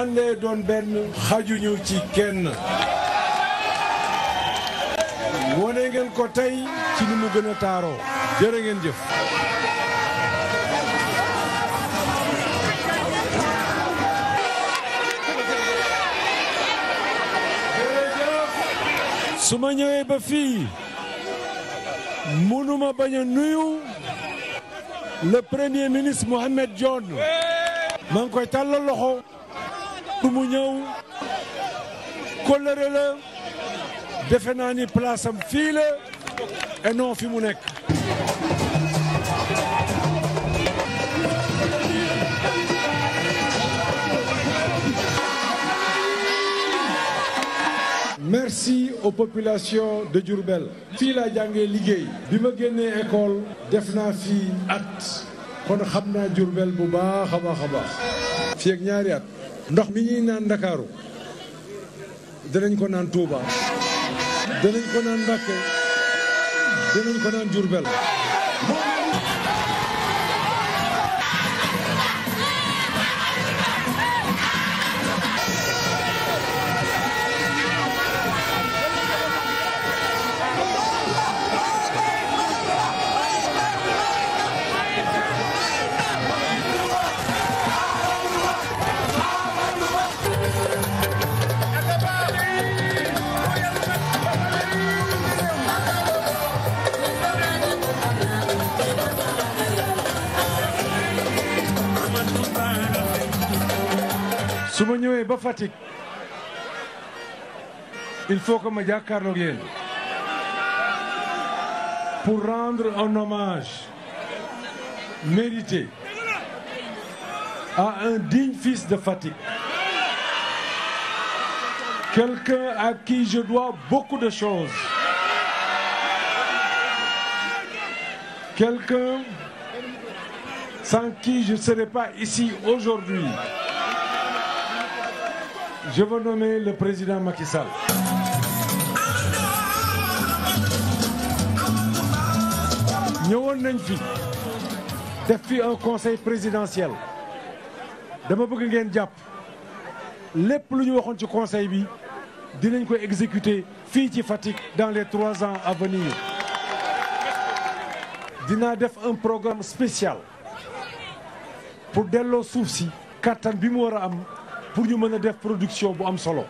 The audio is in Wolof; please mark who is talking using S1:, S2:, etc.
S1: àndee doon benn xajuñu ci kenn wone ngeen ko tey ci ni mu gën a taaroo jërë ngeen jëf su ma ñëwee ba fii mënuma bañ a nuyu le premier ministre Mohamed Dionne maa koy tàllal loxo du mu ñëw kóllëre defe naa ni place fii la et fi mu nekk. merci aux populations de jurbel fii laa jàngee liggéey bi ma génnee école def naa fii at kon xam naa Diourbel bu baax a baax a baax ñaari at ndox mi ñuy naan ndakaaru danañ ko naan Touba danañ ko naan Mbàkke danañ ko naan Diourbel su ma ñëwee ba Fatick il faut que ma jàkkaarloog yéen pour rendre un hommage mérité à un digne fils de Fatick quelqu'un à qui je dois beaucoup de choses quelqu'un sans qui je ne serais pas ici aujourd'hui je veux le président Macky Sall. ñëwoon nañ fi def fi un conseil présidentiel dama bëgg ngeen jàpp lépp lu ñu waxoon ci conseil bi dinañ ko exécuter fii ci Fatick dans les trois ans à dinaa def un programme spécial pour delloo suuf si kattan bi mu war a am. pour ñu mën a def production bu am solo